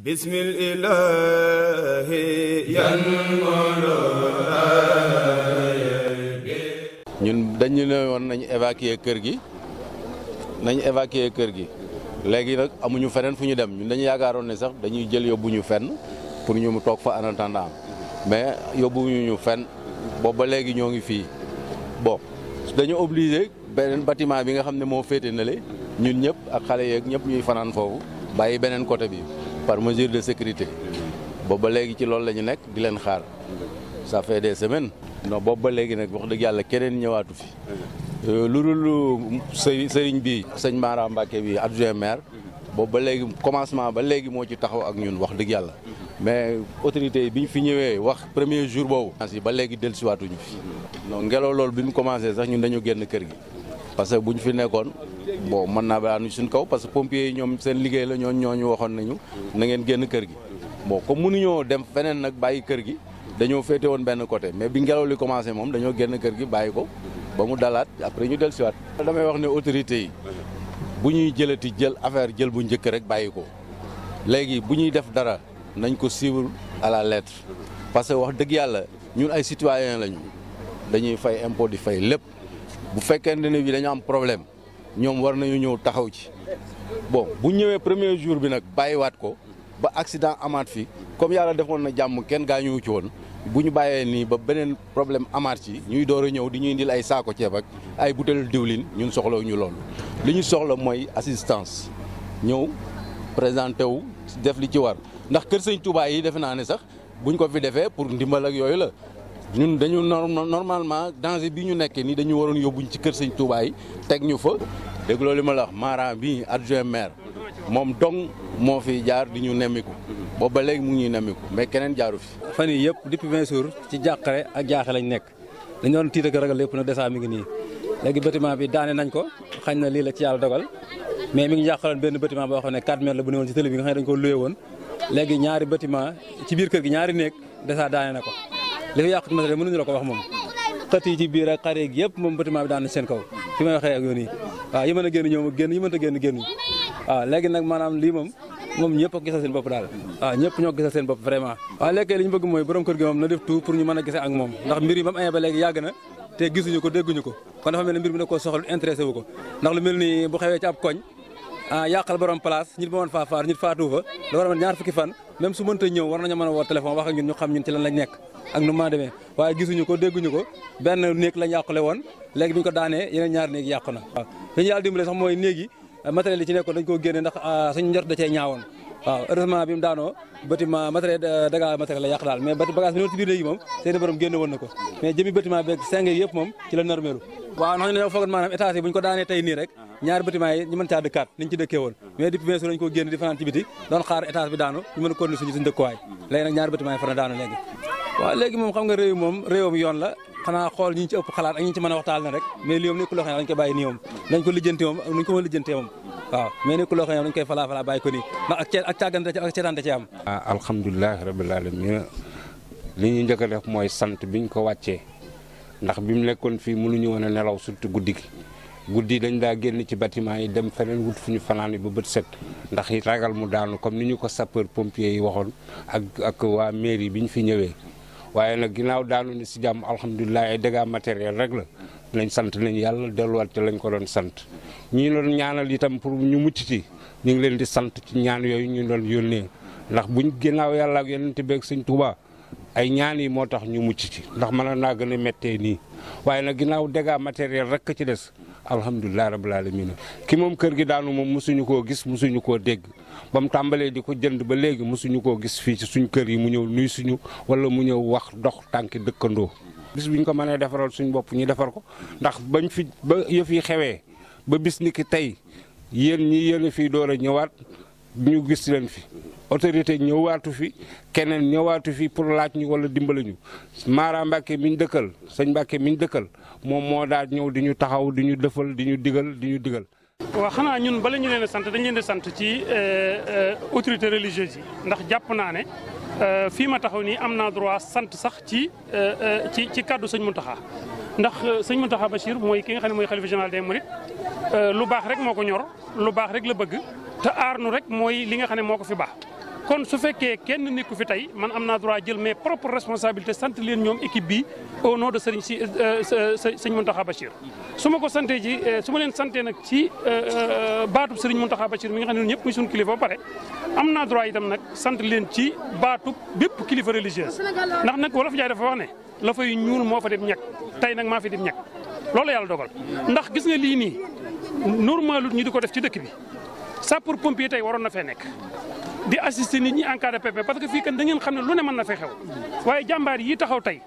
بسم الإله ينقل ñun dañu ne woon nañu évacuer kër gi nañ évacuer kër gi léegi nag amuñu feneen fu ñu dem ñun dañu yaakaaroon ne sax dañuy jël yóbbu ñu fenn pour ñu mu toog fa en attendant mais yóbbuñu ñu fen boobu ba léegi ñoo ngi fii bon dañu obligé beneen bâtiment bi nga xam ne moo féete na le ñun ñëpp ak xale yeeg ñëpp ñuy fanaan foofu bàyyi beneen côté bi par mesure de sécurité boobu ba qui ci loolu la ñu di xaar ça fait des semaines non boobu ba léegi pas wax dëgg yàlla keneen ñëwaatu fi euh, lu dul sëriñ bi sëñ Mara Mbacke bi adjoint maire boobu ba léegi commencement ba léegi moo ci taxaw ak ñun wax dëgg mais autorité yi bi ñu fi ñëwee wax premier jour boobu si ba léegi dellusiwaatuñu fi non ngelaw loolu bi mu commencé sax ñun dañu génn kër gi parce que bu ñu fi bon mën naa daanu suñ kaw parce que pompiers yi ñoom seen liggéey la ñooñ ñooñu waxoon nañu na ngeen génn kër gi bon comme mënuñoo dem feneen nag bàyyi kër gi dañoo féete woon benn côté mais bi ngelaw li commencé moom dañoo génn kër gi bàyyi ko ba mu dalaat après ñu del siwaat damay wax ne autorité yi bu ñuy jëlati jël affaire jël bu njëkk rek bàyyi ko léegi bu ñuy def dara nañ ko suivre à la lettre parce que wax dëgg yàlla ñun ay citoyen lañu dañuy fay impôt di fay lépp bu fekkente ne bi dañu am problème ñoom war nañu ñëw taxaw ci bon bu ñëwee premier jour bi nag bàyyiwaat ko ba accident amaat fi comme yàlla defoon na jàmm kenn gaañuwu ci woon bu ñu bàyyee nii ba beneen problème amaat ci ñuy door a ñëw di ñuy indil ay saako ceebak ak ay butéelu diwlin ñun soxlawu ñu loolu li ñu soxla mooy assistance ñëw présenté wu def li ci war ndax kër sëñ tubaay yi defe naa ne sax buñ ko fi defee pour ndimbal ak yooyu la ñun dañu normalement danger bi ñu nekkee nii dañu waroon yóbbuñ ci kër sëñ Touba teg ñu fa dégg loolu ma la wax Mara bi adjoint maire moom dong moo fi jaar di ñu nemmiku boobu ba léegi mu ngi ñuy nemmiku mais keneen jaaru fi. fan yi yëpp depuis vingt jours ci jàqare ak jaaxe lañ nekk dañu doon tiit ak ragal lépp nag desaa mi ngi nii léegi bâtiment bi daane nañ ko xañ na lii la ci yàlla dogal mais mi ngi jàqaloon benn bâtiment boo xam ne 4 mètres la bu newoon ci télé bi ñaari bâtiment ci biir kër gi ñaari néeg desaa daane na ko li fi yàqut matériel mënuñu la ko wax moom xët ci biir ak xare gi moom bâtiment bi daan na seen kaw fi may waxee ak yoon yi waaw yi mën a génn ñoom a génn yi mënta génn génn waaw léegi nag maanaam lii moom moom ñëpp a gisal seen bopp daal waaw ñëpp ñoo gisal seen bopp vraiment waaw léegi li ñu bëgg mooy borom kër gi moom na def tout pour ñu mën a gisee ak moom ndax mbir yi ba mu amee ba léegi yàgg te gisuñu ko dégguñu ko kon dafa mel ne mbir mi wu ko ndax mel ni bu xewee ci ab koñ ah, a ñaar fukki fan a ñun ñu xam nekk ak nu ma demee waaye gisuñu ko dégguñu ko benn néeg lañ yàqule woon léegi bi ñu ko daanee yeneen ñaar néeg yàqu na ñu yàlla dimbale sax mooy néeg yi euh, matériel ci nekkoon dañ koo génne ndax euh, mu daanoo euh, la yàq daal mais woon na ko mais jëmi bâtiment beeg seng yi moom ci la normelu waaw ndax ñu dañoo maanaam étage yi ñu ko daanee tey nii rek uh-huh. ñaari bâtiment yi ñu mën caa dëkkaat niñ ci dëkkee woon uh-huh. mais depuis vingt jours lañu ko génn di fanaan ci biti doon xaar étage waaw léegi moom xam nga réew moom réewam yoon la xanaa xool ñi ci ëpp xalaat ak ñi ci mën a waxtaan na rek mais lii moom nekkul loo xam ne dañ koy bàyyi nii ko lijjanti moom nuñ ko mën lijjantee koy falaa falaa bàyyi ko nii ndax ak ak càggante ak ceetaante ci am ah, alhamdulilahi rabbil alamin li ñu njëkk a def mooy sant bi biñ ko wàccee ndax bi mu nekkoon fii mënuñu woon a nelaw surtout guddi gi guddi dañ daa génn ci bâtiment yi dem feneen wut fu ñu fanaan ba bët set ndax i ragal mu daanu comme ni ñu ko sapeur pompier yi waxoon ak ak waa mairie bi ñu fi ñëwee waaye nag ginnaaw daanu ni si jàmm alhamdulilah ay dégâts matériel rek la nañ sant nañu yàlla delluwaat ci lañ ko doon sant ñi doon ñaanal itam pour ñu mucc ci ñu ngi leen di sant ci ñaan yooyu ñu doon yónnee ndax buñ ginnaaw yàlla ak yonent beeg sëñ Tuubaa ay ñaan yi moo tax ñu mucc ci ndax mën naa gën a méttee nii waaye nag ginnaaw dégâts matériel rek ci des alhamdulilah rabbil alamin ki moom kër gi daanu moom mosuñu koo gis mosuñu koo dégg ba mu tàmbalee di ko jënd ba léegi mosuñu koo gis fii ci suñ kër yi mu ñëw nuy suñu wala mu ñëw wax dox tànki dëkkandoo. bis bi ñu ko mën mënee defaral suñu bopp ñu defar ko ndax bañ fi ba yëf yi xewee ba bis ni ki tey yéen ñi yéen fii door a ñëwaat ñu gis leen fi. autorité ñëwaatu fi keneen ñëwaatu fi pour laaj ñu wala dimbali ñu maaraa Mbacke mi ñu dëkkal sëñ Mbacke mi ñu dëkkal moom moo daal ñëw di ñu taxaw di ñu dëfal di ñu digal di ñu digal. waaw xanaa ñun bala ñu leen a sant dañ leen di sant ci euh, euh, autorité religieuse yi ndax jàpp naa ne euh, fii ma taxaw nii am na droit sant sax ci ci ci kàddu sëñ taxa ndax sëñ Mountakha Bachir mooy ki nga xam ne mooy xalifa général des Mourides lu baax rek moo ko ñor lu baax rek la bëgg te aar nu rek mooy li nga xam ne moo ko fi baax. kon su fekkee kenn nekku fi tey man am naa droit jël mes propres responsabilités sant leen ñoom équipe bi au nom de Serigne si euh, euh, euh, sëñ Mountakha Bachir. su ma ko santee ji su ma leen santee nag ci baatub Serigne Mountakha Bachir mi nga xam ne ñëpp muy suñu kilifa ba pare am naa droit itam nag sant leen ci baatub bépp kilifa religieuse ndax nag wolof Njaay dafa wax ne la ñuul moo fa dem ñekk tey nag maa fi dem ñàkk loolu yàlla dogal ndax gis nga lii nii normalut ñu di ko def ci dëkk bi sapeur pompier tey waroon na fee nekk. di assister nit ñi en cas de pépin parce que fii kan da ngeen xam ne lu ne mën na fay xew waaye jàmbaar yi taxaw tey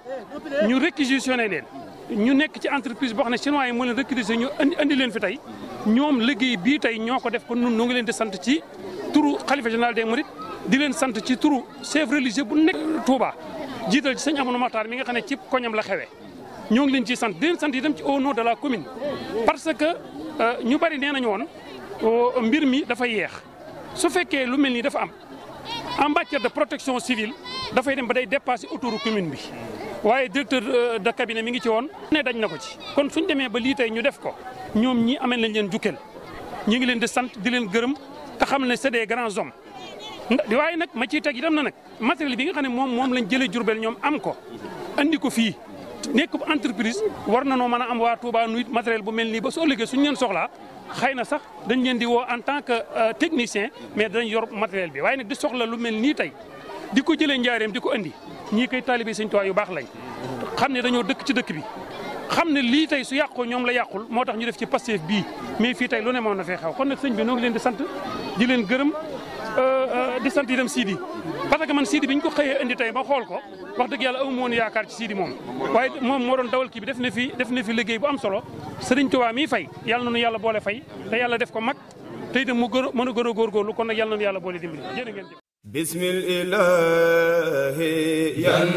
ñu réquisitionné leen ñu nekk ci entreprise boo xam ne chinois yi moo leen réquisitionné ñu andi leen fi tey ñoom liggéey bii tey ñoo ko def ko nun nu leen di sant ci turu xalifa général des mourides di leen sant ci turu chef religieux bu nekk Touba jiital ci sëñ Amadou Makhtar mi nga xam ne ci koñam la xewee ñoo ngi leen ciy sant di leen sant itam ci au nom de la commune parce que euh, ñu bari nee nañu woon euh, mbir mi dafa yeex su fekkee lu mel nii dafa am en matière de protection civile dafay dem ba day dépasser autour commune bi waaye directeur euh, de cabinet mi ngi ci woon ne dañ na ko ci kon suñ demee ba lii tey ñu def ko ñoom ñi amee nañ leen jukkeel ñu ngi leen di sant di leen gërëm te xam ne c'est des grands hommes waaye nag ma ciy teg itam na nag matériel bi nga xam ne moom moom lañ jëlee Jurbel ñoom am ko andi ko fii nekk bu entreprise war na noo mën a am waa Touba nuit matériel bu mel nii ba soo liggéey suñu leen soxlaa xëy na sax dañ leen di woo en tant que euh, technicien mais danañ yor matériel bi waaye nag di soxla lu mel nii tey di ko jële njaareem di ko andi ñii koy taalibe Sëñ Tuubaa yu baax lay xam ne dañoo dëkk ci dëkk bi xam ne lii tey su yàqoo ñoom la yàqul moo tax ñu def ci Pastef bii mais fii tey lu ne moo na fee xew kon nag sëñ bi noo ngi leen di sant di leen gërëm euh, euh, di sant itam Sidi parce que man Sidi biñ ko xeye indi tay ba xol ko wax deug yàlla amu woon yaakar ci Sidi mom waaye mom mo doon dawal ki bi def na fi def na fi liggey bu am solo Serigne Touba mi fay yàlla nu yàlla bolé fay te yàlla def ko mak te itam mu gën a mën gor gor lu kon nak yàlla nu yàlla bolé dimbali jërë ngeen jëf bismil ilahi yan